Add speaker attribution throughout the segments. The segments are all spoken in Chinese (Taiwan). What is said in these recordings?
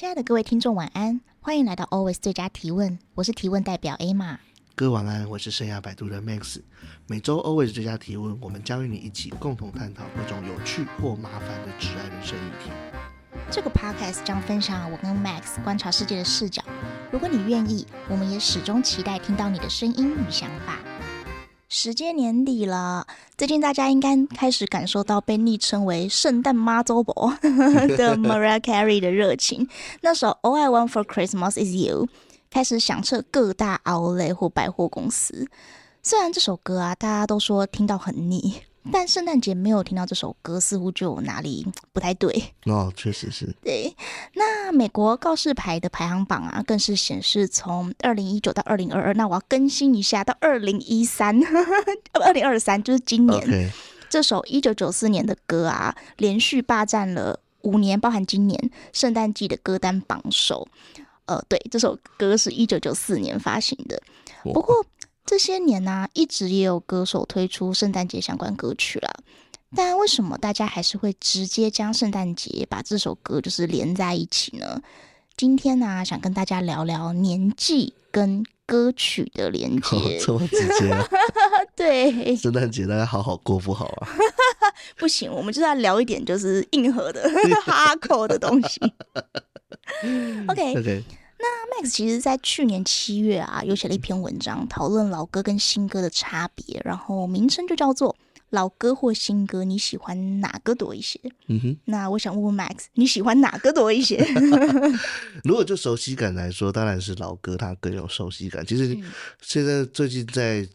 Speaker 1: 親愛的各位聽眾，晚安！歡迎來到 Always 最佳提問，我是提問代表 Emma。
Speaker 2: 各位晚安，我是生涯擺渡的 Max。每周 Always 最佳提問，我們將與你一起共同探討各種有趣或麻煩的職涯人生議題。
Speaker 1: 這個 podcast 將分享我跟 Max 觀察世界的視角。如果你願意，我們也始終期待聽到你的聲音與想法。時間年底了，最近大家應該開始感受到被昵稱為“聖誕媽祖婆”的 Mariah Carey 的熱情。 那首 “All I Want for Christmas Is You” 開始響徹各大 outlet 或百貨公司。雖然這首歌啊，大家都說聽到很膩。但聖誕節沒有聽到這首歌，似乎就哪裡不太對。
Speaker 2: 那確、no, 實是。
Speaker 1: 對，那美國告示牌的排行榜啊，更是顯示從二零一九到二零二二，那我要更新一下到二零一三，二零二三就是今年，Okay. 這首一九九四年的歌啊，連續霸佔了五年，包含今年聖誕季的歌單榜首。呃，對，這首歌是一九九四年發行的，oh. 不過。這些年呢、啊，一直也有歌手推出聖誕節相關歌曲了，但為什麼大家還是會直接將聖誕節把這首歌就是連在一起呢？今天呢、啊，想跟大家聊聊年紀跟
Speaker 2: 歌曲的連結、哦，這麼直接、啊？
Speaker 1: 對，
Speaker 2: 聖誕節大家好好過不好啊？
Speaker 1: 不行，我們就是要聊一點就是硬核的 Hardcore< 對> 的東西。OK。Okay. 那 Max 其實，在去年七月啊，有寫了一篇文章，討論老歌跟新歌的差別，然後名稱就叫做《老歌或新歌》，你喜歡哪個多一些？嗯哼，那我想問問 Max，你喜歡哪個多一些？
Speaker 2: 如果就熟悉感來說，當然是老歌，它更有熟悉感。其實現在最近在、嗯。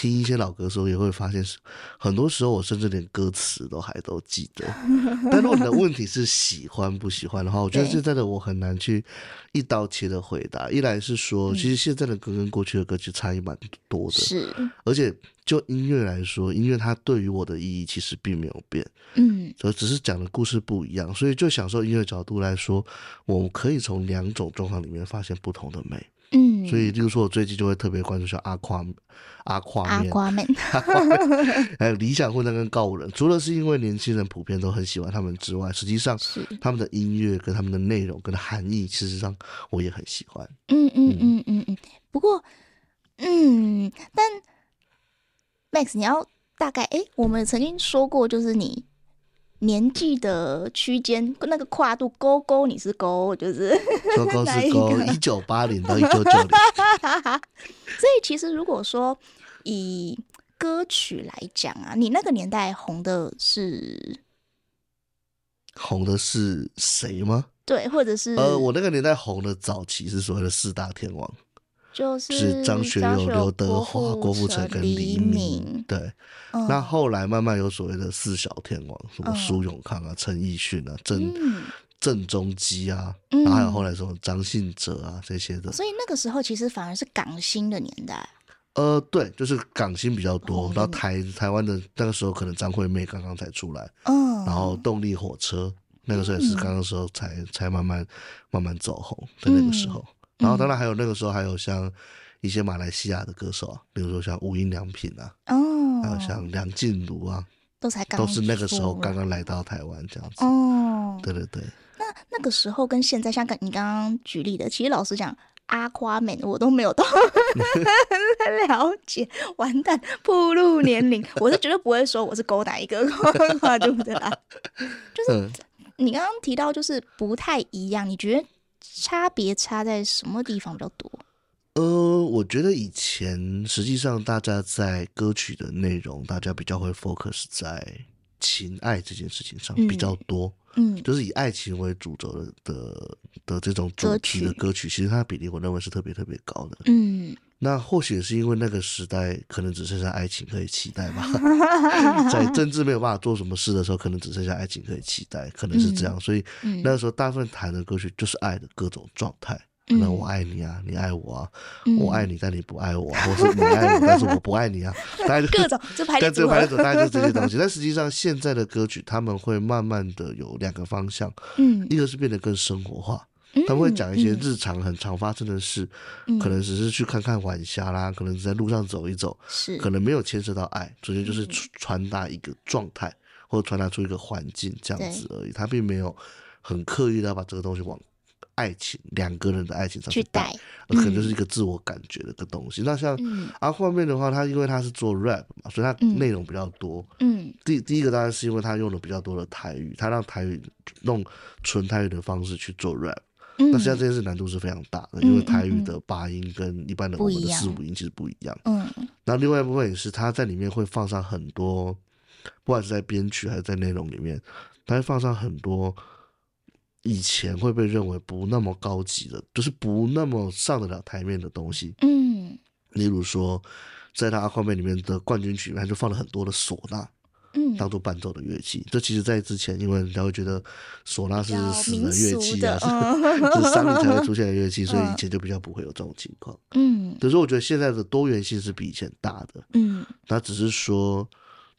Speaker 2: 聽一些老歌的時候，也會發現，很多時候我甚至連歌詞都還都記得。但如果你的問題是喜歡不喜歡的話，我覺得現在的我很難去一刀切的回答。一來是說，其實現在的歌跟過去的歌曲差異蠻多的，是。而且就音樂來說，音樂它對於我的意義其實並沒有變，嗯，所以只是講的故事不一樣。所以就享受音樂角度來說，我們可以從兩種狀況裡面發現不同的美。所以就是說，我最近就會特別關注像阿誇 Aqu aman、阿誇、阿跨面，還有理想混蛋跟告五人。除了是因為年輕人普遍都很喜歡他們之外，實際上是他們的音樂跟他們的內容跟含義，事實上我也很喜歡。是嗯
Speaker 1: 嗯嗯嗯嗯。不過，嗯，但 Max，你要大概哎，我們曾經說過，就是你。年紀的區間，那個跨度，勾勾，你是勾，就是，勾勾是勾，一
Speaker 2: 九八零到一九九零。
Speaker 1: 所以其實如果說以歌曲來講啊，你那個年代紅的
Speaker 2: 是紅的是誰嗎？
Speaker 1: 對，或者是呃，我
Speaker 2: 那個年代紅的早期是所謂的四大天王。
Speaker 1: 就是張學友、劉德華、郭富城跟黎明，對。那
Speaker 2: 後來慢慢有所謂的四小天王，什麼蘇永康啊、陳奕迅啊、鄭鄭中基啊，然後還有後來什麼張信哲啊這些的。所以
Speaker 1: 那個時候其實反而是港星的年代。
Speaker 2: 呃，對，就是港星比較多，到台台灣的那個時候可能張惠妹剛剛才出來，嗯，然後動力火車那個時候也是剛剛時候才才慢慢慢慢走紅的那個時候。然後當然還有那個時候還有像一些馬來西亞的歌手啊，比如說像無印良品啊，
Speaker 1: 哦，還有像
Speaker 2: 梁靜茹啊，
Speaker 1: 都是才都是那個時候剛
Speaker 2: 剛來到台灣這樣子，哦，對對對。那
Speaker 1: 那個時候跟現在，像你剛剛舉例的，其實老實講，阿誇美我都沒有多 了解，完蛋，暴露年齡，我是絕對不會說我是勾搭一個阿對 不對啦？就是、嗯、你剛剛提到，就是不太一樣，你覺得？差別差在什麼地方比較多？
Speaker 2: 呃，我覺得以前實際上大家在歌曲的內容，大家比較會 focus 在情愛這件事情上，嗯，比較多，嗯，就是以愛情為主軸的的，的這種主題的歌曲，歌曲其實它比例我認為是特別特別高的，嗯。那或許是因為那個時代可能只剩下愛情可以期待吧， 在政治沒有辦法做什麼事的時候，可能只剩下愛情可以期待，可能是這樣。嗯、所以那個時候，大部分彈的歌曲就是愛的各種狀態，嗯、那我愛你啊，你愛我啊，嗯、我愛你但你不愛我，嗯、或是你愛我 但是我不愛你啊，大概、就是、各種在這個排列組合，的大概就是這些東西。 但實際上，現在的歌曲他們會慢慢的有兩個方向，嗯、一個是變得更生活化。他們會講一些日常很常發生的事，嗯嗯、可能只是去看看晚霞啦，嗯、可能只是在路上走一走，是可能沒有牽涉到愛，直接就是傳達一個狀態，嗯、或者傳達出一個環境這樣子而已。對他並沒有很刻意要把這個東西往愛情兩個人的愛情上去帶，去帶可能就是一個自我感覺的一個東西。嗯、那像、嗯、啊，後面的話，他因為他是做 rap 嘛，所以他內容比較多。嗯，嗯第第一個當然是因為他用了比較多的台語，他讓台語弄純台語的方式去做 rap。那實際上這件事難度是非常大的，嗯，因為台語的八音跟一般的我們的四五音其實不一樣。嗯，那另外一部分也是，他在裡面會放上很多，不管是在編曲還是在內容裡面，他會放上很多以前會被認為不那麼高級的，就是不那麼上得了台面的東西。嗯，例如說，在他《阿跨面》裡面的冠軍曲裡面，他就放了很多的嗩吶。當做伴奏的樂器，嗯、這其實在之前，因為人家會覺得嗩吶是死人樂器啊， 是三個才會出現的樂器，嗯、所以以前就比較不會有這種情況。嗯，可是我覺得現在的多元性是比以前大的。嗯，那只是說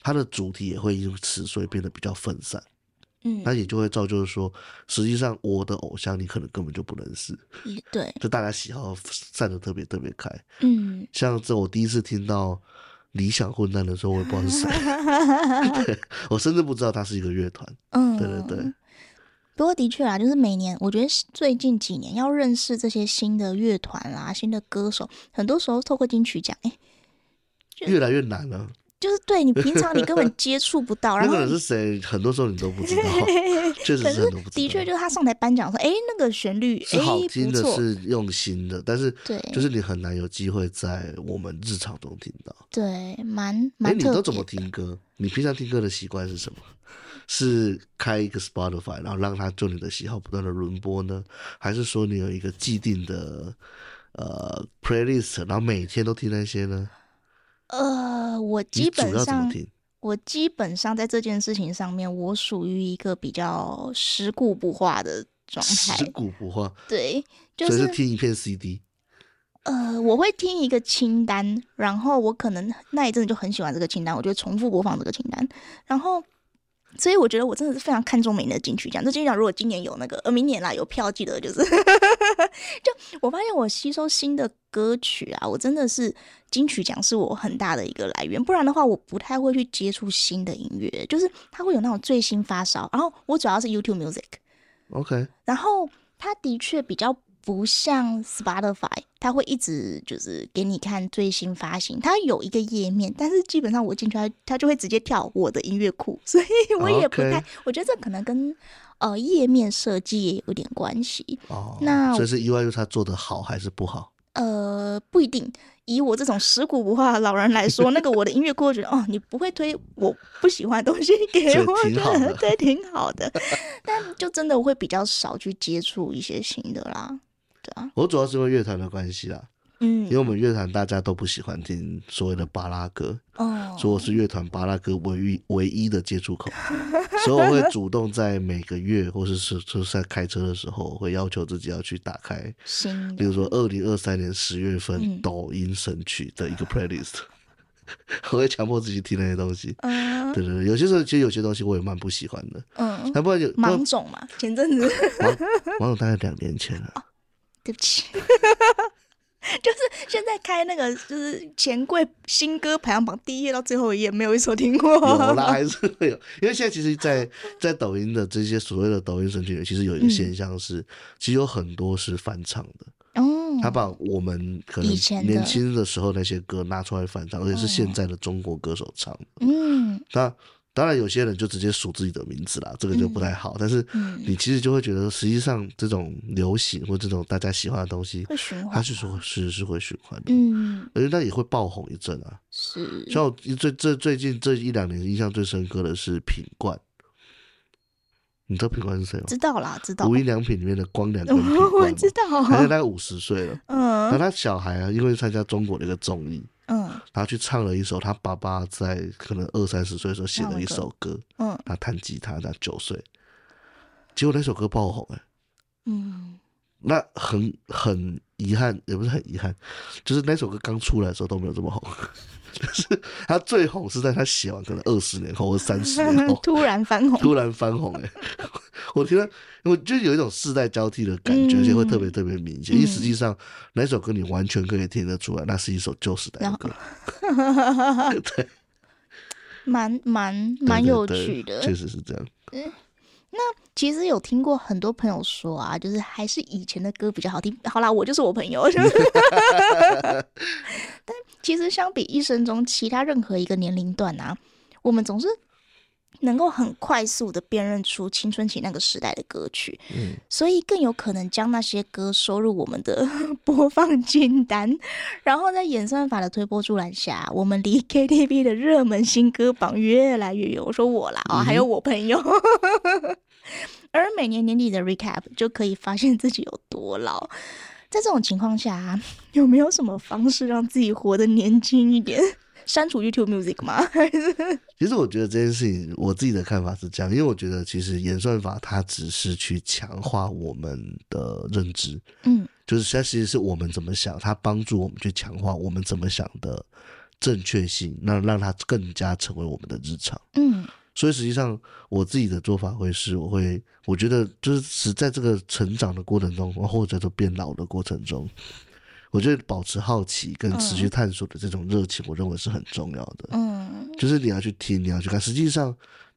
Speaker 2: 它的主題也會因此所以變得比較分散。嗯，那也就會造就是說，實際上我的偶像你可能根本就不認識。對。就大家喜好散得特別特別開。嗯。像這我第一次聽到理想混蛋的時候，我也不知道是
Speaker 1: 誰
Speaker 2: 我甚至不知道他是一個樂團。嗯，對對對。
Speaker 1: 不過的確啊，就是每年，我覺得最近幾年要認識這些新的樂團啦、新的歌手，很多時候透過金曲獎，哎，
Speaker 2: 越來越難了啊。
Speaker 1: 就是對，你平常你根本接觸不到，然後 是
Speaker 2: 誰， 很多時候你都不知道。 確實是很不， 是
Speaker 1: 的確就是他上台頒獎說，哎、欸，那個旋律好聽的是、欸、是
Speaker 2: 用心的，但是就是你很難有機會在我們日常中聽到。
Speaker 1: 對，蠻蠻、哎、欸，你都怎麼
Speaker 2: 聽歌？你平常聽歌的習慣是什麼？是開一個 Spotify，然後讓他就你的喜好不斷的輪播呢？還是說你有一個既定的呃 playlist，然後每天都聽那些呢？
Speaker 1: 呃，我基本上，我基本上在這件事情上面，我屬於一個比較食古不化的狀態。食
Speaker 2: 古不化，對，就是，是聽一片 CD。呃，
Speaker 1: 我會聽一個清單，然後我可能那一陣子就很喜歡這個清單，我就重複播放這個清單，然後。所以我覺得我真的是非常看重每年的金曲獎。這金曲獎如果今年有那個，呃，明年啦，有票記得就是 就。就我發現我吸收新的歌曲啊，我真的是金曲獎是我很大的一個來源。不然的話，我不太會去接觸新的音樂，就是它會有那種最新發燒。然後我主要是 YouTube Music，OK Okay.。然後它的確比較。不像 Spotify，它會一直就是給你看最新發行，它有一個頁面，但是基本上我進去它它就會直接跳我的音樂庫，所以我也不太，Okay. 我覺得這可能跟呃頁面設計也有點關係。哦、oh, 那，那所以是
Speaker 2: 意外，又它做得好還是不好？
Speaker 1: 呃，不一定。以我這種食古不化的老人來說，那個我的音樂庫就覺得 哦，你不會推我不喜歡的東西給我，我覺得挺好的，但就真的我會比較少去接觸一些新的啦。
Speaker 2: 我主要是因為樂團的關係啦，嗯，因為我們樂團大家都不喜歡聽所謂的芭樂歌，哦，所以我是樂團芭樂歌唯一唯一的接觸口，嗯、所以我會主動在每個月，或者是就是在開車的時候，會要求自己要去打開，比、嗯、如說二零二三年十月份抖音神曲的一個 playlist，、嗯、 我會強迫自己聽那些東西，嗯、對對對，有些時候其實有些東西我也蠻不喜歡的，嗯，那不然有芒
Speaker 1: 種嘛，前陣子芒
Speaker 2: 芒種大概兩年前了。哦
Speaker 1: 對不起， 就是現在開那個就是錢櫃新歌排行榜第一頁到最後一頁，沒有一首聽過。那還啦、啊、是
Speaker 2: 會有，因為現在其實在，在在抖音的這些所謂的抖音神曲其實有一個現象是，嗯、其實有很多是翻唱的。哦、嗯，他把我們可能年輕的時候那些歌拿出來翻唱，以而且是現在的中國歌手唱的嗯，那。當然，有些人就直接數自己的名字了，這個就不太好。嗯，但是，你其實就會覺得，實際上這種流行或這種大家喜歡的東西，它是說是是會循環的。嗯，而且它也會爆紅一陣啊。是，像我最最最近這一兩年印象最深刻的是品冠。你知道品冠是誰嗎？知道啦，知道。無印良品裡面的光良， 知道，而且他五十歲了。嗯，那他小孩啊，因為參加中國的一個綜藝。嗯，然後去唱了一首他爸爸在可能二三十歲時候寫的一首歌，歌嗯，他彈吉他，他九歲，結果那首歌爆紅哎、欸，嗯，那很很遺憾，也不是很遺憾，就是那首歌剛出來的時候都沒有這麼紅， 就是他最紅是在他寫完可能二十年後或三十年後
Speaker 1: 突然翻紅，突
Speaker 2: 然翻紅誒、欸。 我覺得，我就有一種世代交替的感覺，就、嗯、會特別特別明顯。嗯、因為實際上，嗯、哪首歌你完全可以聽得出來，那是一首舊時代的歌。滿，對，對，對，
Speaker 1: 蠻蠻蠻有趣的，
Speaker 2: 確實是這樣。嗯，
Speaker 1: 那其實有聽過很多朋友說啊，就是還是以前的歌比較好聽。好啦，我就是我朋友。是
Speaker 2: 不
Speaker 1: 是？但其實相比一生中其他任何一個年齡段啊，我們總是，能夠很快速的辨認出青春期那個時代的歌曲，嗯、所以更有可能將那些歌收入我們的播放清單。然後在演算法的推波助瀾下，我們離 KTV 的熱門新歌榜越來越遠。我說我啦啊，還有我朋友。嗯、 而每年年底的 recap 就可以發現自己有多老。在這種情況下，有沒有什麼方式讓自己活得年輕一點？刪除 YouTube Music 嗎？ 其
Speaker 2: 實我覺得這件事情，我自己的看法是這樣，因為我覺得其實演算法它只是去強化我們的認知，嗯，就是它其實是我們怎麼想，它幫助我們去強化我們怎麼想的正確性，那讓它更加成為我們的日常，嗯。所以實際上，我自己的做法會是我會，我覺得就是實在這個成長的過程中，或者在變老的過程中。我覺得保持好奇跟持續探索的這種熱情，我認為是很重要的。嗯，uh, 就是你要去聽，你要去看。實際上，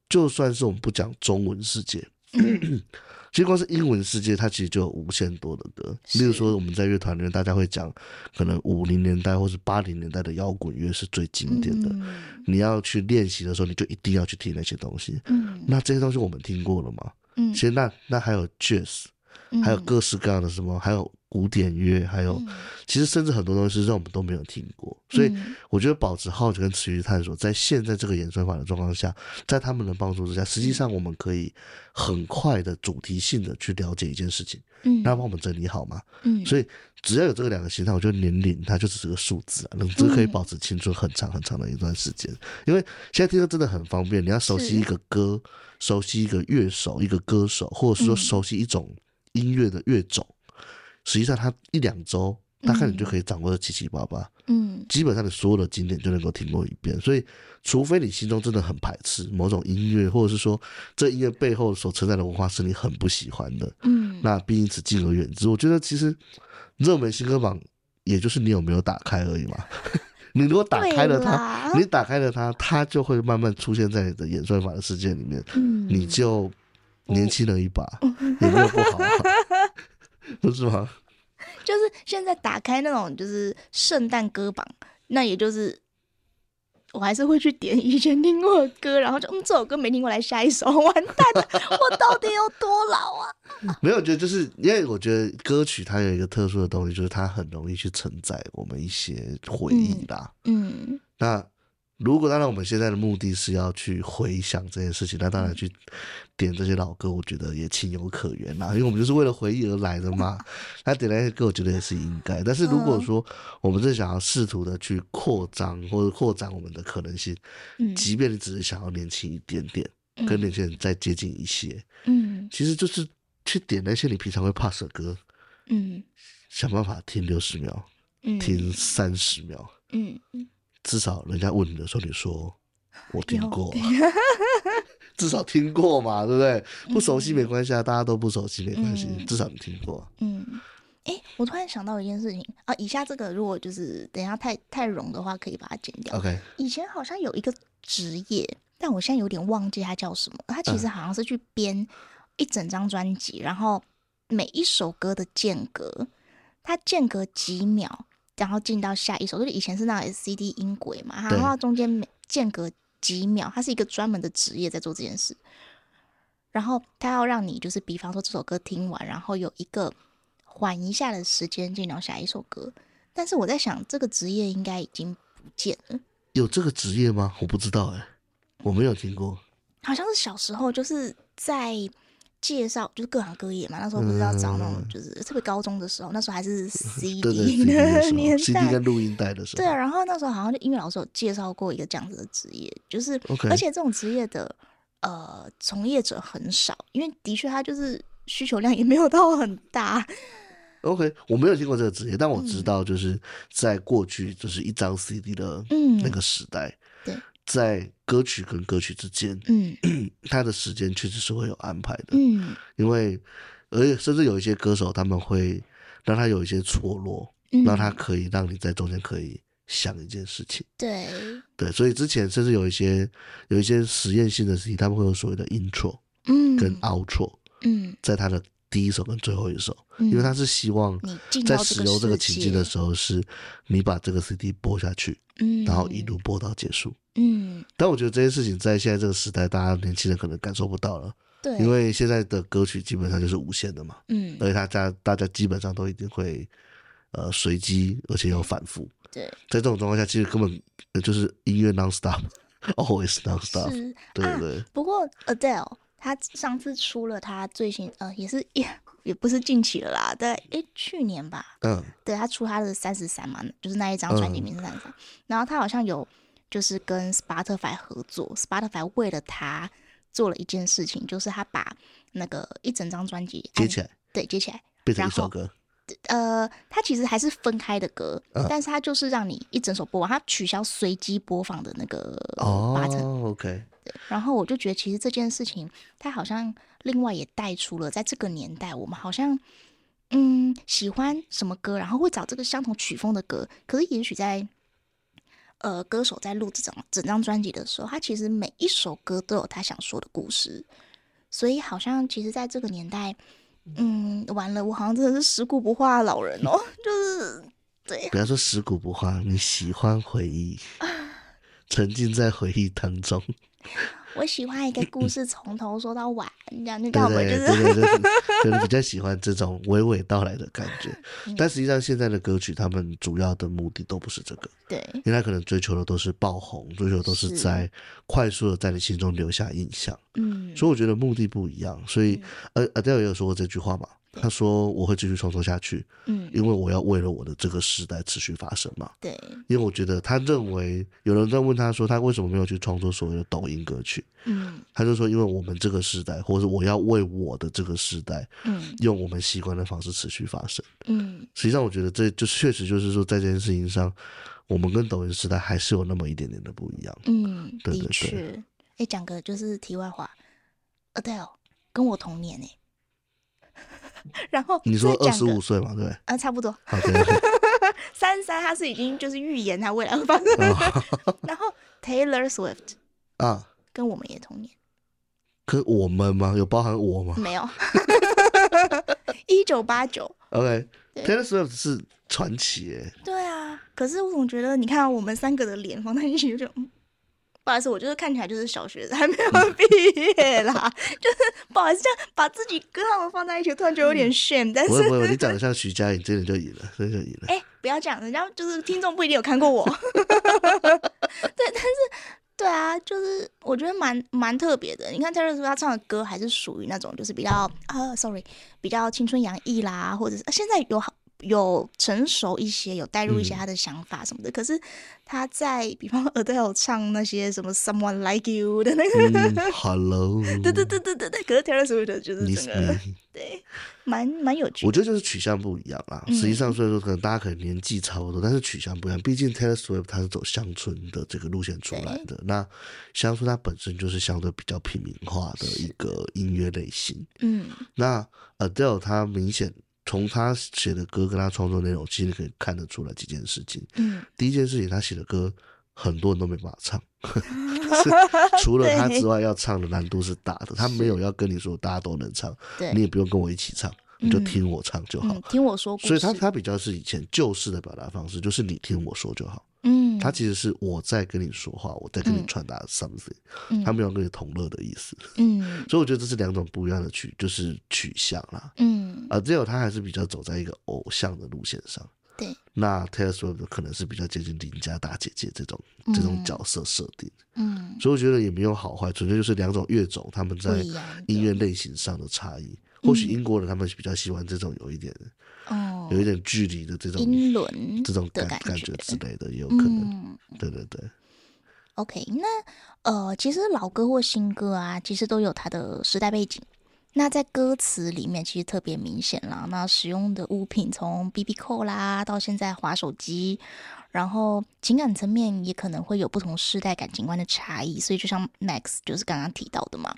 Speaker 2: 就算是我們不講中文世界，嗯、 其實光是英文世界，它其實就有無限多的歌。是例如說，我們在樂團裡面，大家會講可能五零年代或是八零年代的搖滾樂是最經典的。嗯嗯，你要去練習的時候，你就一定要去聽那些東西。嗯，那這些東西我們聽過了嗎？嗯，其實那那還有 jazz，
Speaker 1: 還有
Speaker 2: 各式各樣的什麼，嗯、還有。古典樂，還有、嗯、其實甚至很多東西是讓我們都沒有聽過，嗯、所以我覺得保持好奇跟持續探索，在現在這個演算法的狀況下，在他們的幫助之下，實際上我們可以很快的主題性的去了解一件事情，嗯，那幫我們整理好嗎？嗯，所以只要有這個兩個心態，我覺得年齡它就是這個數字啊，能，真可以保持青春很長很長的一段時間。嗯、因為現在聽歌真的很方便，你要熟悉一個歌，是熟悉一個樂手、一個歌手，或者說熟悉一種音樂的樂種。嗯實際上，它一兩周大概你就可以掌握的七七八八，嗯，基本上你所有的經典就能夠聽過一遍。所以，除非你心中真的很排斥某種音樂，或者是說這音樂背後所存在的文化是你很不喜歡的，嗯，那畢竟只敬而遠之。我覺得其實熱門新歌榜也就是你有沒有打開而已嘛。 你如果打開了它，啦你打開了它，它就會慢慢出現在你的演算法的世界裡面，嗯、你就年輕了一把，嗯、也沒有不好。 不是嗎？
Speaker 1: 就是現在打開那種就是聖誕歌榜，那也就是，我還是會去點以前聽過的歌，然後就嗯，這首歌沒聽過，來下一首，完蛋了， 我到底有多老啊？
Speaker 2: 沒有，覺得就是因為我覺得歌曲它有一個特殊的東西，就是它很容易去承載我們一些回憶吧、嗯。嗯，那。如果當然，我們現在的目的是要去回想這件事情，那當然去點這些老歌，我覺得也情有可原呐、啊，因為我們就是為了回憶而來的嘛。他點那些歌，我覺得也是應該。但是如果說我們是想要試圖的去擴張或者擴展我們的可能性，嗯、即便你只是想要年輕一點點，嗯、跟年輕人再接近一些，嗯，其實就是去點那些你平常會 pass 的歌，嗯，想辦法聽六十秒，嗯、聽三十秒，嗯，嗯。至少人家問你的時候，你說我聽過， 至少聽過嘛，對不對？嗯、不熟悉沒關係、啊，大家都不熟悉沒關係，嗯、至少你聽過。嗯，
Speaker 1: 誒、欸，我突然想到一件事情啊，以下這個如果就是等一下太太冗的話，可以把它剪掉。Okay 以前好像有一個職業，但我現在有點忘記它叫什麼。它其實好像是去編一整張專輯，嗯、然後每一首歌的間隔，它間隔幾秒。然後進到下一首，就是以前是那種 S C D 音軌嘛，然後中間每間隔幾秒，它對是一個專門的職業在做這件事，然後他要讓你就是，比方說這首歌聽完，然後有一個緩一下的時間，進到下一首歌。但是我在想，這個職業應該已經不見了，
Speaker 2: 有這個職業嗎？我不知道、欸，哎，我沒有聽過，
Speaker 1: 好像是小時候就是在。介紹就是各行各業嘛，那時候不是要找那種，就是、嗯、特別高中的時候，那時候還是 CD 的年代、嗯、對對，CD, CD 跟
Speaker 2: 錄音帶的時候。對啊，
Speaker 1: 然後那時候好像就音樂老師有介紹過一個這樣子的職業，就是，Okay. 而且這種職業的呃從業者很少，因為的確它就是需求量也沒有到很大。
Speaker 2: OK，我沒有聽過這個職業，但我知道就是在過去就是一張 CD 的那個時代。嗯嗯、對。在歌曲跟歌曲之間，嗯，他的時間確實是會有安排的，嗯，因為而且甚至有一些歌手他們會讓他有一些錯落，嗯，讓他可以讓你在中間可以想一件事情，對，對，所以之前甚至有一些有一些實驗性的事情，他們會有所謂的 intro，嗯，跟 outro，嗯，在他的，第一首跟最後一首，嗯，因為他是希望在使用這個情境的時候，是你把這個 CD 播下去，嗯，然後一路播到結束，嗯。嗯，但我覺得這件事情在現在這個時代，大家年輕人可能感受不到了，對，因為現在的歌曲基本上就是無限的嘛，嗯，而且大家大家基本上都一定會呃隨機，而且又反覆，對。在這種狀況下，其實根本就是音樂 nonstop，always 是 nonstop、啊，對不對，對？
Speaker 1: 不過 Adele。他上次出了他最新，呃，也是也也不是近期了啦，對，誒、欸，去年吧。嗯。對，他出他的三十三嘛，就是那一張專輯名是33。嗯，然後他好像有就是跟 Spotify 合作，Spotify 為了他做了一件事情，就是他把那個一整張專輯接起來，對，接起來變成一首歌。呃，它其實還是分開的歌，uh, 但是它就是讓你一整首播放，它取消隨機播放的那個八成。Oh, OK。然後我就覺得，其實這件事情，它好像另外也帶出了，在這個年代，我們好像嗯喜歡什麼歌，然後會找這個相同曲風的歌。可是也許在呃歌手在錄這種整張專輯的時候，他其實每一首歌都有他想說的故事，所以好像其實在這個年代。嗯，完了，我好像真的是食古不化老人哦， 就是對、
Speaker 2: 啊。不要說食古不化，你喜歡回憶， 沉浸在回憶當中。
Speaker 1: 我喜歡一個故事從頭說到完，這樣、嗯、你知道嗎？
Speaker 2: 就是可能比較喜歡這種娓娓道來的感覺。但實際上現在的歌曲，他們主要的目的都不是這個。對、嗯，因為他可能追求的都是爆紅，對追求都是在是快速的在你心中留下印象。嗯，所以我覺得目的不一樣。所以呃，Adele、嗯、也有說過這句話嘛。他說：“我會繼續創作下去，嗯，因為我要為了我的這個時代持續發聲嘛。對，因為我覺得他認為有人在問他說他為什麼沒有去創作所謂的抖音歌曲，嗯，他就說因為我們這個時代，或者我要為我的這個時代，嗯，用我們習慣的方式持續發聲，嗯。實際上，我覺得這就確實就是說在這件事情上，我們跟抖音時代還是有那麼一點點的不一樣，嗯，的確。
Speaker 1: 哎、欸，講個就是題外話，Adele 跟我同年誒、欸。” 然後你說二十五
Speaker 2: 歲嘛， 對不對？啊，差不多。好的，
Speaker 1: 三三他是已經就是預言他未來會發生。 然後 Taylor Swift 啊，跟我們也同年。
Speaker 2: 可我們嗎？有包含我嗎？
Speaker 1: 沒有。一九八九
Speaker 2: ，OK。 Taylor Swift 是傳奇誒、欸。 對
Speaker 1: 啊，可是我總覺得你看、啊、我們三個的臉放在一起有不好意思，我就是看起來就是小學生，還沒有畢業啦， 就是不好意思，這樣把自己跟他們放在一起，突然就有點炫、嗯。但是，不會不會，你長得
Speaker 2: 像徐佳瑩，這就贏了，這就贏了。
Speaker 1: 哎、欸，不要這樣，人家就是聽眾不一定有看過我。 對，但是對啊，就是我覺得蠻蠻特別的。你看蔡瑞 y 說他唱的歌還是屬於那種，就是比較啊，sorry，比較青春洋溢啦，或者是現在有好。有成熟一些，有帶入一些他的想法什麼的。嗯、可是他在比方說 Adele 唱那些什麼 Someone Like You 的那個
Speaker 2: Hello， 對，對對對
Speaker 1: 對對對，可是 Taylor Swift 就是這個、Miss me. 對，蠻蠻有趣的。我覺得就是
Speaker 2: 取向不一樣啦。實際上，所以說可能大家可能年紀差不多，嗯、但是取向不一樣。畢竟 Taylor Swift 他是走鄉村的這個路線出來的。對那鄉村它本身就是相對比較平民化的一個音樂類型。嗯，那 Adele 他明顯。從他寫的歌跟他創作內容，其實你可以看得出來幾件事情。嗯，第一件事情，他寫的歌很多人都沒辦法唱， 除了他之外， 對要唱的難度是大的。他沒有要跟你說大家都能唱，是你也不用跟我一起唱。對你就聽我唱就好，
Speaker 1: 嗯、聽我說。所以他他
Speaker 2: 比較是以前舊式的表達方式，就是你聽我說就好。
Speaker 1: 嗯，他
Speaker 2: 其實是我在跟你說話，我在跟你傳達 something，他、嗯嗯、沒有跟你同樂的意思。嗯， 所以我覺得這是兩種不一樣的取，就是取向啦。嗯，啊，最後他還是比較走在一個偶像的路線上。對，那 Taylor Swift 可能是比較接近鄰家大姐姐這種、嗯、這種角色設定。嗯，所以我覺得也沒有好壞，純粹就是兩種樂種他們在音樂類型上的差異。或許英國人他們比較喜歡這種有一點，哦、嗯，有一點距離的這種英倫這種感感覺之類的，也有可能。嗯、對對對
Speaker 1: ，OK，那呃，其實老歌或新歌啊，其實都有它的時代背景。那在歌詞裡面，其實特別明顯啦。那使用的物品從 BB Call 啦，到現在滑手機，然後情感層面也可能會有不同世代感情觀的差異。所以就像 Max 就是剛剛提到的嘛。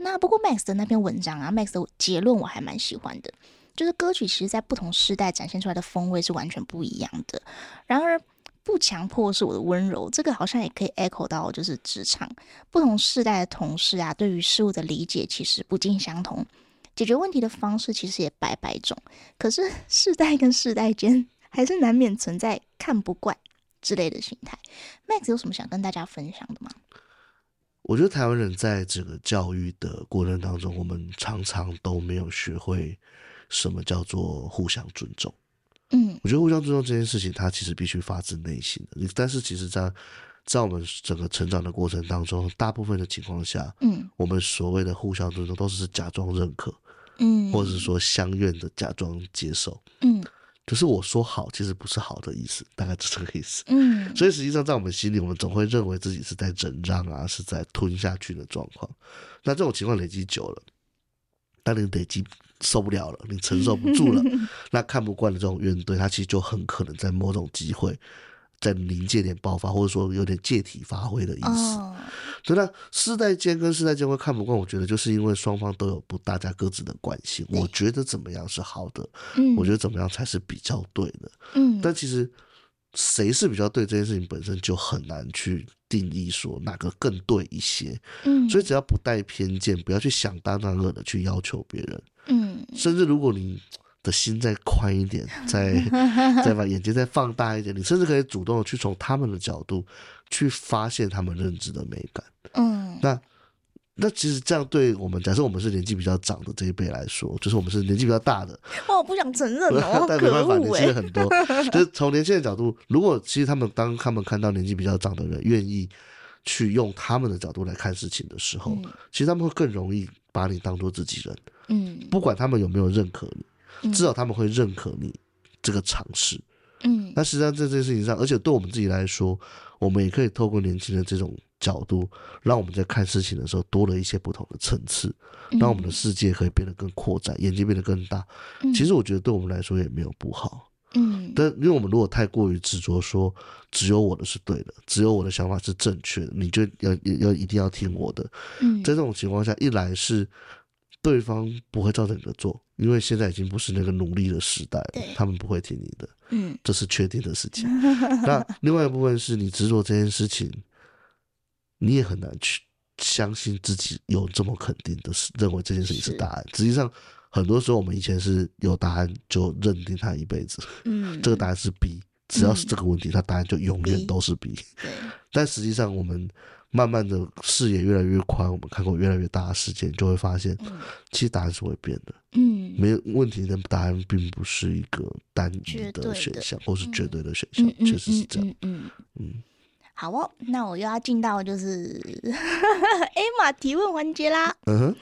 Speaker 1: 那不過 Max 的那篇文章啊，Max 的結論我還蠻喜歡的，就是歌曲其實，在不同世代展現出來的風味是完全不一樣的。然而，不強迫是我的溫柔，這個好像也可以 echo 到，就是職場不同世代的同事啊，對於事物的理解其實不盡相同，解決問題的方式其實也百百種。可是，世代跟世代間還是難免存在看不慣之類的心態。Max 有什麼想跟大家分享的嗎？
Speaker 2: 我覺得台灣人在整個教育的過程當中，我們常常都沒有學會什麼叫做互相尊重。嗯，我覺得互相尊重這件事情，它其實必須發自內心的。但是，其實在，在在我們整個成長的過程當中，大部分的情況下，嗯，我們所謂的互相尊重，都是假裝認可，嗯，或者說相願的假裝接受，嗯。就是我說好，其實不是好的意思，大概就是這個意思。嗯，所以實際上在我們心裡，我們總會認為自己是在忍讓啊，是在吞下去的狀況。那這種情況累積久了，當你累積受不了了，你承受不住了， 那看不慣的這種怨懟，它其實就很可能在某種機會。在臨界點爆發，或者說有點借題發揮的意思。對、哦。所以那世代間跟世代間會看不慣，我覺得就是因為雙方都有不大家各自的關係。欸、我覺得怎麼樣是好的？嗯、我覺得怎麼樣才是比較對的？嗯、但其實誰是比較對這件事情本身就很難去定義，說哪個更對一些。嗯、所以只要不帶偏見，不要去想當然爾的去要求別人。嗯、甚至如果你。的心再寬一點，再再把眼睛再放大一點， 你甚至可以主動的去從他們的角度去發現他們認知的美感。嗯，那那其實這樣對我們，假設我們是年紀比較長的這一輩來說，就是我們是年紀比較大的，
Speaker 1: 我、哦、不想承認哦。但沒辦法，可惡 年紀很多 就是
Speaker 2: 從年輕的角度，如果其實他們當他們看到年紀比較長的人願意去用他們的角度來看事情的時候，嗯、其實他們會更容易把你當做自己人。嗯，不管他們有沒有認可你。嗯、至少他們會認可你這個嘗試，嗯，那實際上在這件事情上，而且對我們自己來說，我們也可以透過年輕人這種角度，讓我們在看事情的時候多了一些不同的層次，嗯、讓我們的世界可以變得更擴展，眼睛變得更大。嗯、其實我覺得對我們來說也沒有不好，嗯。但因為我們如果太過於執着說只有我的是對的，只有我的想法是正確的，你就要要一定要聽我的。嗯，在這種情況下，一來是。對方不會照着你的做，因為現在已經不是那個努力的時代了，他們不會聽你的，嗯、這是確定的事情。 那另外一部分是你執着這件事情，你也很難去相信自己有這麼肯定的，是認為這件事情是答案。是實際上，很多時候我們以前是有答案就認定他一輩子，嗯、這個答案是 B，只要是這個問題，他、嗯、答案就永遠都是 B。 但實際上我們。慢慢的視野越來越寬，我們看過越來越大的世界，就會發現，嗯、其實答案是會變的。嗯，沒有問題的答案並不是一個單一的選項，或是絕對的選項，確、嗯、實是這樣。嗯
Speaker 1: 嗯，嗯嗯嗯嗯嗯，好哦，那我又要進到就是 Emma 提問環節啦。嗯哼，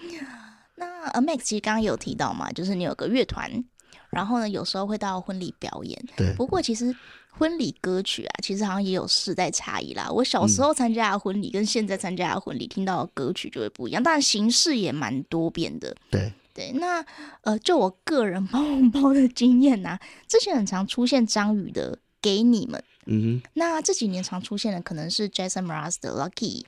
Speaker 1: 那阿 Max 其實剛剛有提到嘛，就是你有個樂團。然後呢，有時候會到婚禮表演。對。不過其實婚禮歌曲啊，其實好像也有世代差異啦。我小時候參加的婚禮跟現在參加的婚禮聽到的歌曲就會不一樣，嗯、當然形式也蠻多變的。對對，那呃，就我個人包紅包的經驗吶、啊，之前很常出現張宇的《給你們》，嗯哼。那這幾年常出現的可能是 Jason Mraz 的《Lucky》。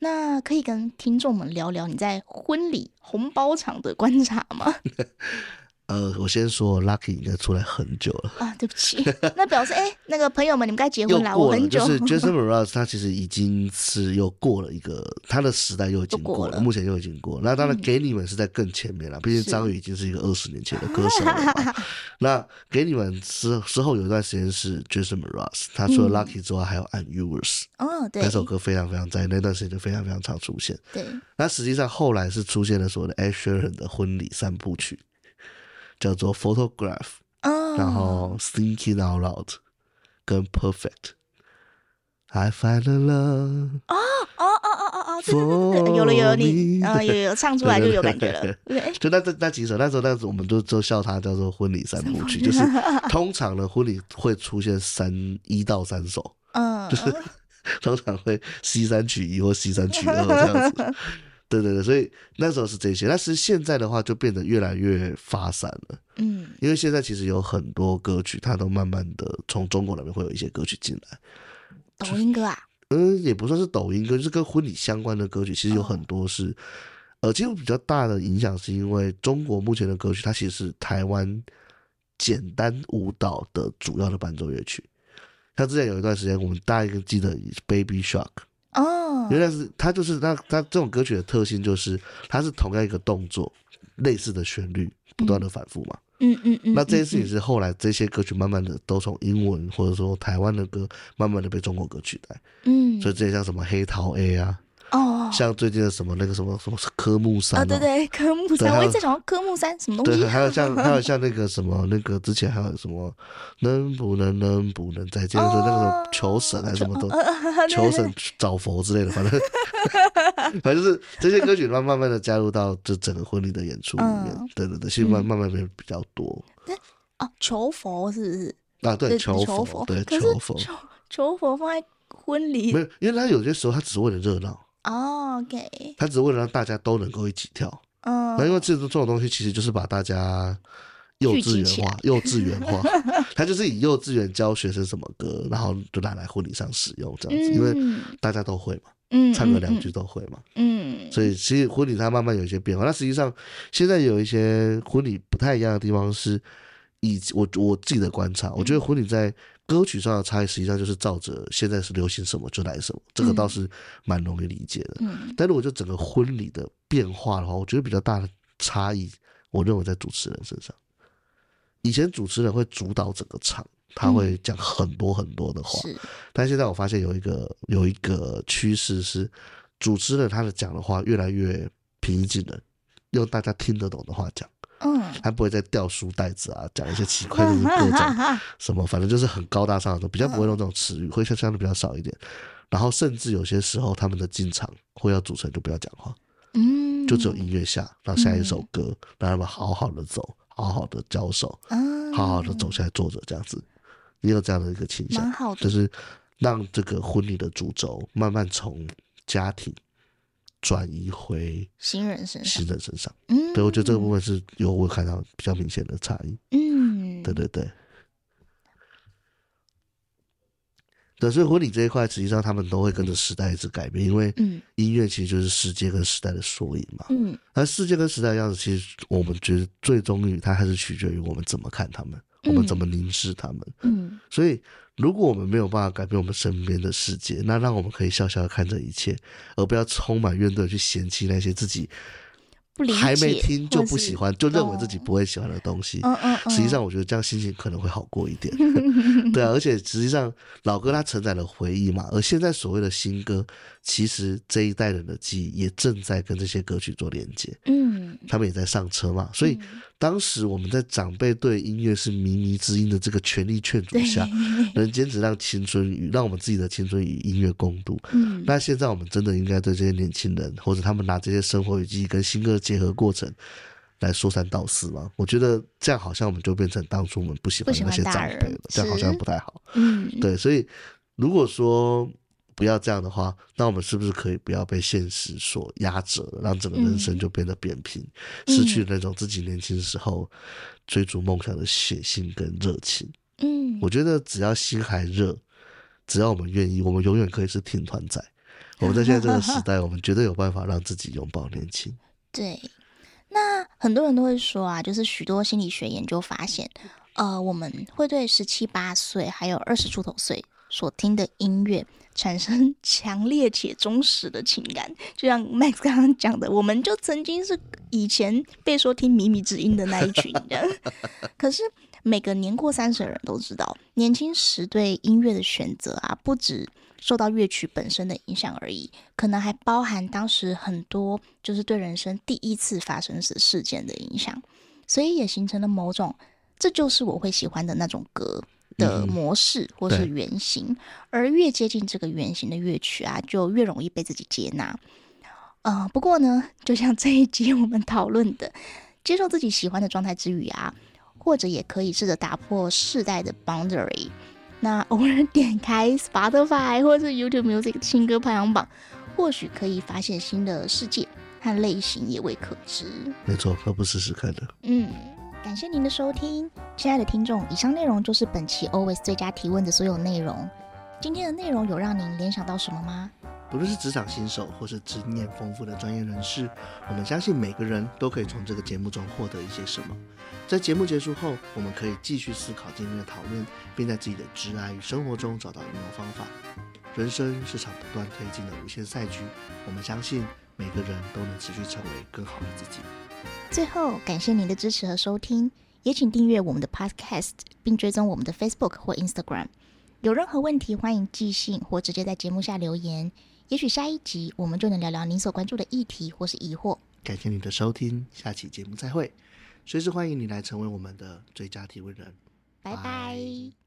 Speaker 1: 那可以跟聽眾們聊聊你在婚禮紅包場的觀察嗎？
Speaker 2: 呃，我先說，Lucky 應該出來很久了啊。
Speaker 1: 對不起，那表示哎、欸，那個朋友們，你們該結婚 了。我很久，是 Jason Mraz，
Speaker 2: 他其實已經是又過了一個他的時代，又已經過了，過了目前又已經過了。那當然給你們是在更前面了，畢、嗯、竟張宇已經是一個二十年前的歌手了。是 那給你們之之後有一段時間是 Jason Mraz， 他除了 Lucky 之外，還有 I'm Yours 嗯，哦，對，那首歌非常非常在，那段時間就非常非常常出現。對，那實際上後來是出現了所謂的 Sheeran 的婚禮三部曲。叫做 photograph，oh. 然後 thinking out loud，跟 perfect，I find a love，哦哦哦
Speaker 1: 哦哦哦，真有了有你有有唱出來就有感
Speaker 2: 覺了。 okay. 就那那那幾首，那時候那時候我們都都笑他叫做婚禮三部曲， 就是通常的婚禮會出現三一到三首，嗯，oh. 就是通常會西三取一或西三取二這樣子。 對對對，所以那時候是這些，但是現在的話就變得越來越發散了，嗯，因為現在其實有很多歌曲，它都慢慢的從中國那邊會有一些歌曲進來，抖音歌啊，嗯，就嗯也不算是抖音歌，嗯、就是跟婚禮相關的歌曲，其實有很多是，哦、呃，其實比較大的影響是因為中國目前的歌曲，它其實是台灣簡單舞蹈的主要的伴奏樂曲，像之前有一段時間，我們大家應該記得 Baby Shark。哦，因為、原來是，他就是那他這種歌曲的特性，就是它是同樣一個動作，類似的旋律不斷的反覆嘛。嗯嗯嗯。嗯嗯，那這一次也是後來，這些歌曲慢慢的都從英文或者說台灣的歌慢慢的被中國歌取代。嗯，所以這些像什麼黑桃 A 啊。像最近的什麼那個什麼什麼科目三啊，對對，
Speaker 1: 科目三，我一直想科目三什麼東西。對，還有像還有像
Speaker 2: 那個什麼那個之前還有什麼能不能能不能再見？就那個求神啊什麼的，求神找佛之類的，反正反正就是這些歌曲慢慢慢的加入到這整個婚禮的演出裡面，對對對，現在慢慢慢的比較多。那
Speaker 1: 求佛是不是？啊，對，求佛，對，求佛。可是求求佛放在婚禮？沒有，因為他有些
Speaker 2: 時候他只是為了熱鬧。
Speaker 1: 哦，給他、oh,
Speaker 2: okay. 只為了讓大家都能夠一起跳，嗯，那因為這種這種東西其實就是把大家
Speaker 1: 幼稚園化，幼稚園化，
Speaker 2: 他 就是以幼稚園教學生什麼歌，然後就拿來婚禮上使用這樣子，嗯、因為大家都會嘛，嗯，唱個兩句都會嘛，嗯，嗯嗯，所以其實婚禮它慢慢有一些變化。那實際上現在有一些婚禮不太一樣的地方是，以我我自己的觀察，嗯、我覺得婚禮在。歌曲上的差異實際上就是照着現在是流行什麼就來什麼，這個倒是蠻容易理解的。嗯，但如果就整個婚禮的變化的話，我覺得比較大的差異，我認為在主持人身上。以前主持人會主導整個場，他會講很多很多的話，嗯，但現在我發現有一個有一個趨勢是，主持人他的講的話越來越平易近人，用大家聽得懂的話講。嗯，還不會再掉書袋子啊，講一些奇怪的、各種什麼，啊啊啊啊、反正就是很高大上的，比較不會弄這種詞語，啊、會像相對比較少一點。然後，甚至有些時候他們的進場會要主持人就不要講話，嗯，就只有音樂下，然後下一首歌，讓、嗯、他們好好的走，好好的交手，嗯，好好的走下來坐着這樣子。你有這樣的一個傾向，好的就是讓這個婚禮的主軸慢慢從家庭。轉移回
Speaker 1: 新人身上，新
Speaker 2: 人身上，嗯，對，我覺得這個部分是有會看到比較明顯的差異，嗯，對對對，對，所以婚禮這一塊，實際上他們都會跟着時代一直改變，因為音樂其實就是、嗯、世界跟時代的縮影嘛，嗯，而世界跟時代的樣子，其實我們覺得最終於它還是取決於我們怎麼看他們，嗯、我們怎麼凝視他們，嗯，嗯所以。如果我們沒有辦法改變我們身邊的世界，那讓我們可以笑笑的看這一切，而不要充滿怨懟去嫌棄那些自己還沒聽就不喜歡，就認為自己不會喜歡的東西。哦哦哦哦、實際上我覺得這樣心情可能會好過一點。 對啊，而且實際上老歌它承載了回憶嘛， 而現在所謂的新歌，其實這一代人的記憶也正在跟這些歌曲做連接。嗯，他們也在上車嘛，所以、嗯。當時我們在長輩對音樂是靡靡之音的這個權力勸阻下，對能堅持讓青春與讓我們自己的青春與音樂共度。嗯，那現在我們真的應該對這些年輕人，或者他們拿這些生活與記憶跟新歌結合過程來說三道四嗎？我覺得這樣好像我們就變成當初我們不喜歡那些長輩了，這樣好像不太好。嗯，對，所以如果說。不要這樣的話，那我們是不是可以不要被現實所壓折，讓整個人生就變得扁平，嗯嗯、失去那種自己年輕時候追逐夢想的血性跟熱情？嗯，我覺得只要心還熱，只要我們願意，我們永遠可以是聽團仔。我們在現在這個時代， 我們絕對有辦法讓自己擁抱年輕。
Speaker 1: 對，那很多人都會說啊，就是許多心理學研究發現，呃，我們會對十七八歲還有二十出頭歲所聽的音樂。產生強烈且忠實的情感，就像 Max 剛剛講的，我們就曾經是以前被說聽靡靡之音的那一群的。 可是每個年過三十的人都知道，年輕時對音樂的選擇啊，不止受到樂曲本身的影響而已，可能還包含當時很多就是對人生第一次發生時事件的影響，所以也形成了某種，這就是我會喜歡的那種歌的模式或是原型，嗯、而越接近這個原型的樂曲啊，就越容易被自己接納。呃，不過呢，就像這一集我們討論的，接受自己喜歡的狀態之餘啊，或者也可以試着打破世代的 boundary。那偶爾點開 Spotify 或者是 YouTube Music 新歌排行榜，或許可以發現新的世界和類型也未可知。
Speaker 2: 沒錯，何不試試看呢？嗯。
Speaker 1: 感謝您的收聽，親愛的聽眾。以上內容就是本期 Always 最佳提問的所有內容。今天的內容有讓您聯想到什麼嗎？
Speaker 2: 不論是職場新手，或是經驗豐富的專業人士，我們相信每個人都可以從這個節目中獲得一些什麼。在節目結束後，我們可以繼續思考今天的討論，並在自己的職涯與生活中找到應用方法。人生是場不斷推進的無限賽局，我們相信每個人都能持續成為更好的自己。
Speaker 1: 最後，感謝您的支持和收聽，也請訂閱我們的 Podcast，並追蹤我們的 Facebook 或 Instagram。有任何問題，歡迎寄信或直接在節目下留言。也許下一集我們就能聊聊您所關注的議題或是疑惑。
Speaker 2: 感謝您的收聽，下期節目再會。隨時歡迎你來成為我們的最佳提問人。
Speaker 1: 拜拜。拜拜。